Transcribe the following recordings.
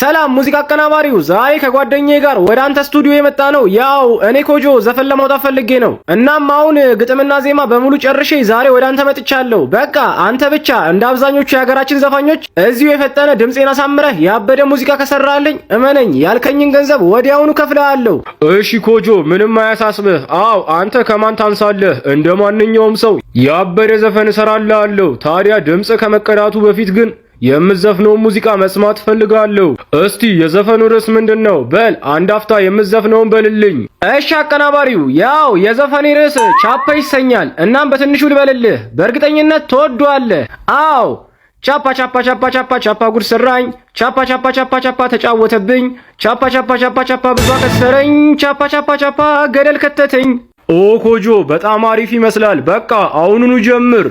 ሰላም ሙዚቃ አቀናባሪው፣ ዛሬ ከጓደኛዬ ጋር ወደ አንተ ስቱዲዮ የመጣ ነው። ያው እኔ ኮጆ ዘፈን ለማውጣት ፈልጌ ነው። እናም አሁን ግጥምና ዜማ በሙሉ ጨርሼ ዛሬ ወደ አንተ መጥቻለሁ። በቃ አንተ ብቻ እንደ አብዛኞቹ የሀገራችን ዘፋኞች እዚሁ የፈጠነ ድምፄን አሳምረህ ያበደ ሙዚቃ ከሰራልኝ እመነኝ ያልከኝን ገንዘብ ወዲያውኑ ከፍልሃለሁ። እሺ ኮጆ፣ ምንም አያሳስብህ። አዎ አንተ ከማን ታንሳለህ? እንደ ማንኛውም ሰው ያበደ ዘፈን እሰራልሃለሁ። ታዲያ ድምፅ ከመቀዳቱ በፊት ግን የምዘፍነው ሙዚቃ መስማት ፈልጋለሁ። እስቲ የዘፈኑ ርዕስ ምንድን ነው? በል አንድ አፍታ የምዘፍነውን በልልኝ። እሺ አቀናባሪው፣ ያው የዘፈኔ ርዕስ ቻፓ ይሰኛል። እናም በትንሹ ልበልልህ፣ በእርግጠኝነት ትወደዋለህ። አዎ ቻፓ ቻፓ ቻፓ ቻፓ ቻፓ ጉድ ሰራኝ፣ ቻፓ ቻፓ ቻፓ ቻፓ ተጫወተብኝ፣ ቻፓ ቻፓ ቻፓ ቻፓ ብዙ አከሰረኝ፣ ቻፓ ቻፓ ቻፓ ገደል ከተተኝ። ኦ ኮጆ፣ በጣም አሪፍ ይመስላል። በቃ አሁኑኑ ጀምር።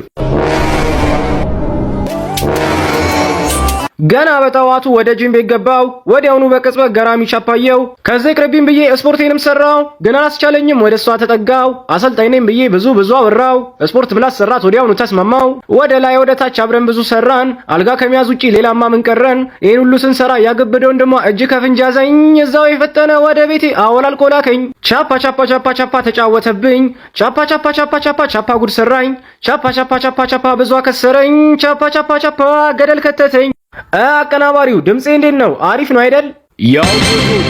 ገና በጠዋቱ ወደ ጂም ቤት ገባው። ወዲያውኑ በቅጽበት ገራሚ ቻፓየው። ከዚህ ቅርቢም ብዬ ስፖርቴንም ሰራው፣ ግን አላስቻለኝም። ወደ እሷ ተጠጋው። አሰልጣኝም ብዬ ብዙ ብዙ አወራው። ስፖርት ብላ ሰራት፣ ወዲያውኑ ተስማማው። ወደ ላይ ወደ ታች አብረን ብዙ ሰራን። አልጋ ከመያዝ ውጪ ሌላማ ምን ቀረን? ይህን ሁሉ ስንሰራ ያገበደ ወንድሟ እጅ ከፍንጅ ያዘኝ። እዛው የፈጠነ ወደ ቤቴ አወላልቆ ላከኝ። ቻፓ ቻፓ ቻፓ ቻፓ ተጫወተብኝ። ቻፓ ቻፓ ቻፓ ቻፓ ቻፓ ጉድ ሰራኝ። ቻፓ ቻፓ ቻፓ ቻፓ ብዙ አከሰረኝ። ቻፓ ቻፓ ቻፓ ገደል ከተተኝ። አቀናባሪው ድምጼ እንዴት ነው? አሪፍ ነው አይደል? ያው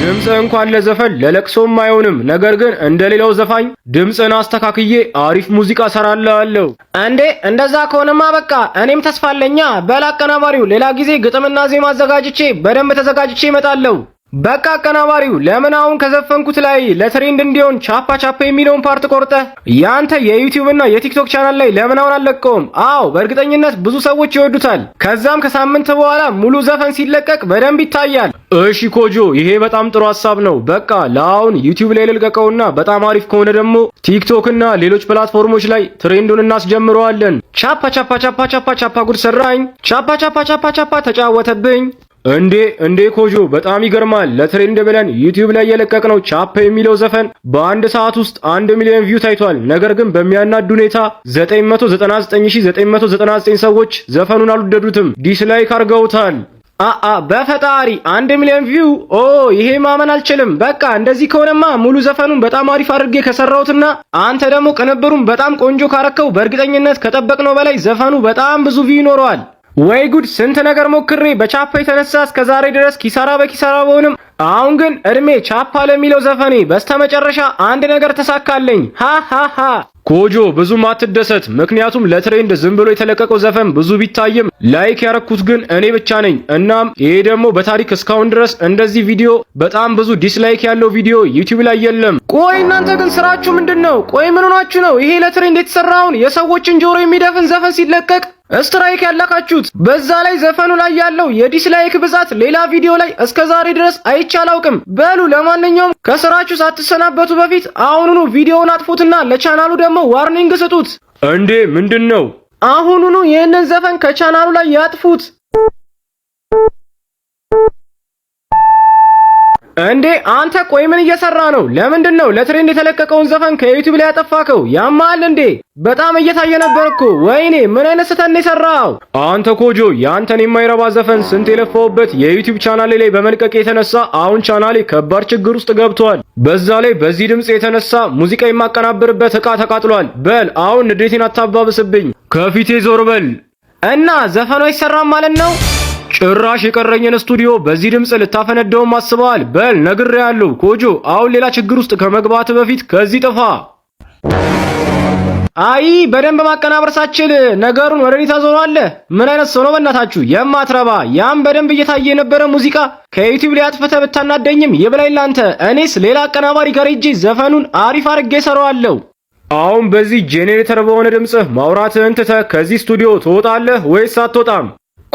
ድምፅ እንኳን ለዘፈን ለለቅሶም አይሆንም። ነገር ግን እንደሌላው ዘፋኝ ድምፅን አስተካክዬ አሪፍ ሙዚቃ ሰራላለሁ። እንዴ እንደዛ ከሆነማ በቃ እኔም ተስፋለኛ። በል አቀናባሪው ሌላ ጊዜ ግጥምና ዜማ አዘጋጅቼ በደንብ ተዘጋጅቼ እመጣለሁ። በቃ አቀናባሪው ለምን አሁን ከዘፈንኩት ላይ ለትሬንድ እንዲሆን ቻፓ ቻፓ የሚለውን ፓርት ቆርጠ ያንተ የዩቲዩብ እና የቲክቶክ ቻናል ላይ ለምን አሁን አለቀውም? አዎ በእርግጠኝነት ብዙ ሰዎች ይወዱታል። ከዛም ከሳምንት በኋላ ሙሉ ዘፈን ሲለቀቅ በደንብ ይታያል። እሺ ኮጆ፣ ይሄ በጣም ጥሩ ሀሳብ ነው። በቃ ለአሁን ዩቲዩብ ላይ ልልቀቀውና በጣም አሪፍ ከሆነ ደግሞ ቲክቶክ እና ሌሎች ፕላትፎርሞች ላይ ትሬንዱን እናስጀምረዋለን። ቻፓ ቻፓ ቻፓ ቻፓ ቻፓ ጉድ ሰራኝ፣ ቻፓ ቻፓ ቻፓ ቻፓ ተጫወተብኝ። እንዴ እንዴ ኮጆ በጣም ይገርማል። ለትሬንድ ብለን ዩቲዩብ ላይ የለቀቅነው ቻፕ የሚለው ዘፈን በአንድ ሰዓት ውስጥ አንድ ሚሊዮን ቪው ታይቷል። ነገር ግን በሚያናድ ሁኔታ 999999 ሰዎች ዘፈኑን አልወደዱትም፣ ዲስላይክ አድርገውታል። አአ በፈጣሪ አንድ ሚሊዮን ቪው ኦ ይሄ ማመን አልችልም። በቃ እንደዚህ ከሆነማ ሙሉ ዘፈኑን በጣም አሪፍ አድርጌ ከሰራሁትና አንተ ደግሞ ቅንብሩን በጣም ቆንጆ ካረከው በእርግጠኝነት ከጠበቅነው በላይ ዘፈኑ በጣም ብዙ ቪው ይኖረዋል። ወይ ጉድ! ስንት ነገር ሞክሬ በቻፓ የተነሳ እስከ ዛሬ ድረስ ኪሳራ በኪሳራ በሆንም፣ አሁን ግን እድሜ ቻፓ ለሚለው ዘፈኔ በስተመጨረሻ አንድ ነገር ተሳካለኝ። ሃሃሃ ኮጆ ብዙም አትደሰት፣ ምክንያቱም ለትሬንድ ዝም ብሎ የተለቀቀው ዘፈን ብዙ ቢታይም ላይክ ያረኩት ግን እኔ ብቻ ነኝ። እናም ይሄ ደግሞ በታሪክ እስካሁን ድረስ እንደዚህ ቪዲዮ በጣም ብዙ ዲስላይክ ያለው ቪዲዮ ዩቲዩብ ላይ የለም። ቆይ እናንተ ግን ስራችሁ ምንድን ነው? ቆይ ምን ሆናችሁ ነው? ይሄ ለትሬንድ የተሰራውን የሰዎችን ጆሮ የሚደፍን ዘፈን ሲለቀቅ ስትራይክ ያላካችሁት። በዛ ላይ ዘፈኑ ላይ ያለው የዲስላይክ ብዛት ሌላ ቪዲዮ ላይ እስከ ዛሬ ድረስ አይቼ አላውቅም። በሉ ለማንኛውም ከስራችሁ ሳትሰናበቱ በፊት አሁኑኑ ቪዲዮውን አጥፉትና ለቻናሉ ደግሞ ዋርኒንግ ስጡት። እንዴ ምንድን ነው? አሁኑኑ ይህንን ዘፈን ከቻናሉ ላይ ያጥፉት። እንዴ አንተ ቆይ ምን እየሰራ ነው? ለምንድን ነው ለትሬንድ የተለቀቀውን ዘፈን ከዩቲዩብ ላይ ያጠፋከው? ያማል እንዴ? በጣም እየታየ ነበር እኮ። ወይኔ ምን አይነት ስህተት ነው የሰራው? አንተ ኮጆ፣ ያንተን የማይረባ ዘፈን ስንት የለፋውበት የዩቲዩብ ቻናሌ ላይ በመልቀቅ የተነሳ አሁን ቻናሌ ከባድ ችግር ውስጥ ገብቷል። በዛ ላይ በዚህ ድምፅ የተነሳ ሙዚቃ የማቀናብርበት እቃ ተቃጥሏል። በል አሁን ንዴቴን አታባብስብኝ፣ ከፊቴ ዞር በል እና ዘፈኑ አይሰራም ማለት ነው። ጭራሽ የቀረኝን ስቱዲዮ በዚህ ድምፅ ልታፈነደውም አስበዋል። በል ነግሬያለሁ ኮጆ፣ አሁን ሌላ ችግር ውስጥ ከመግባት በፊት ከዚህ ጥፋ። አይ በደንብ ማቀናበር ሳችል ነገሩን ወደ እኔ ታዞረዋለህ። ምን አይነት ሰው ነው በእናታችሁ የማትረባ? ያም በደንብ እየታየ የነበረ ሙዚቃ ከዩቲዩብ ላይ አጥፍተህ ብታናደኝም ይብላኝ ላንተ። እኔስ ሌላ አቀናባሪ ጋር ሂጄ ዘፈኑን አሪፍ አድርጌ እሰራዋለሁ። አሁን በዚህ ጄኔሬተር በሆነ ድምጽህ ማውራትህን ትተህ ከዚህ ስቱዲዮ ትወጣለህ ወይስ አትወጣም?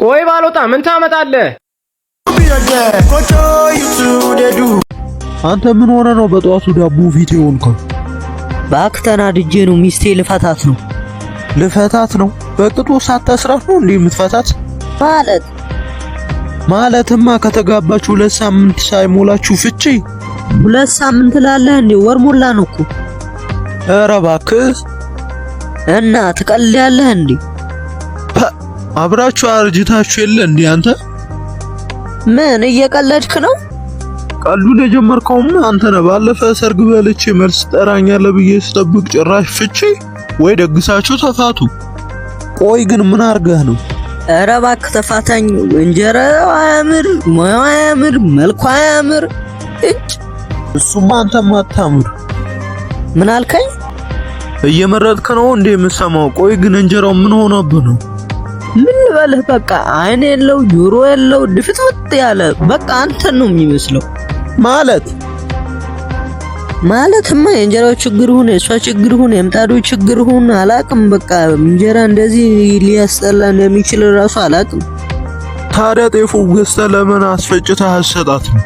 ቆይ ባልወጣ ምን ታመጣለህ? አንተ ምን ሆነ ነው በጠዋቱ ዳቦ ፊት የሆንከው? እባክህ ተናድጄ ነው። ሚስቴ ልፈታት ነው። ልፈታት ነው? በቅጡ ሳታስራት ነው እንዴ የምትፈታት? ማለት ማለትማ ከተጋባች ሁለት ሳምንት ሳይሞላችሁ ፍቺ። ሁለት ሳምንት ላለህ እንዴ? ወር ሞላ ነው እኮ። ኧረ እባክህ እና ትቀልድ ያለህ እንዴ? አብራችሁ አርጅታችሁ የለ እንዴ አንተ? ምን እየቀለድክ ነው? ቀልዱን የጀመርከውም አንተ ነህ። ባለፈ ሰርግ በልቼ መልስ ትጠራኛለህ ብዬ ስጠብቅ ጭራሽ ፍቼ ወይ ደግሳችሁ ተፋቱ። ቆይ ግን ምን አድርገህ ነው? እረ እባክህ ተፋታኝ። እንጀራው አያምር፣ ሙያው አያምር፣ መልኳ አያምር። እጭ እሱማ አንተም አታምር። ምን አልከኝ? እየመረጥክ ነው እንዴ የምሰማው? ቆይ ግን እንጀራው ምን ሆነብህ ነው? ምን በልህ በቃ አይን የለው ጆሮ የለው ድፍጥፍጥ ያለ በቃ አንተን ነው የሚመስለው። ማለት ማለትማ የእንጀራው ችግር ሁን፣ የእሷ ችግር ሁን፣ የምጣዱ ችግር ሁን አላቅም። በቃ እንጀራ እንደዚህ ሊያስጠላ እንደሚችል ራሱ አላቅም። ታዲያ ጤፉ ገዝተህ ለምን አስፈጭተህ ነው?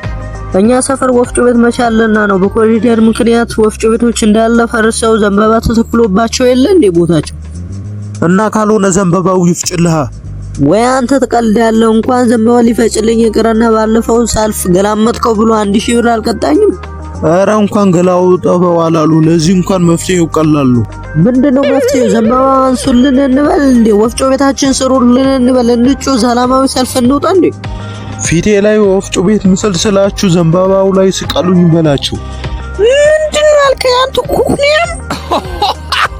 እኛ ሰፈር ወፍጮ ቤት መቻለና ነው። በኮሪደር ምክንያት ወፍጮ ቤቶች እንዳለ ፈርሰው ዘንባባ ተተክሎባቸው የለ እንዴ ቦታቸው እና ካልሆነ ዘንባባው ይፍጭልሃ። ወይ አንተ ትቀልዳለህ። እንኳን ዘንባባ ሊፈጭልኝ ይቅርና ባለፈው ሳልፍ ገላመጥከው ብሎ አንድ ሺህ ብር አልቀጣኝም። እረ እንኳን ገላው ጠበው አላሉ። ለዚህ እንኳን መፍትሄው ቀላሉ። ምንድነው መፍትሄው? ዘንባባ አንሱልን እንበል እንዴ? ወፍጮ ቤታችን ስሩልን እንበል? እንጩ ሰላማዊ ሰልፍ እንውጣ እንዴ? ፊቴ ላይ ወፍጮ ቤት ምስል ስላችሁ ዘንባባው ላይ ስቀሉኝ በላችሁ። ምንድን አልከኝ አንተ ኩኩኔም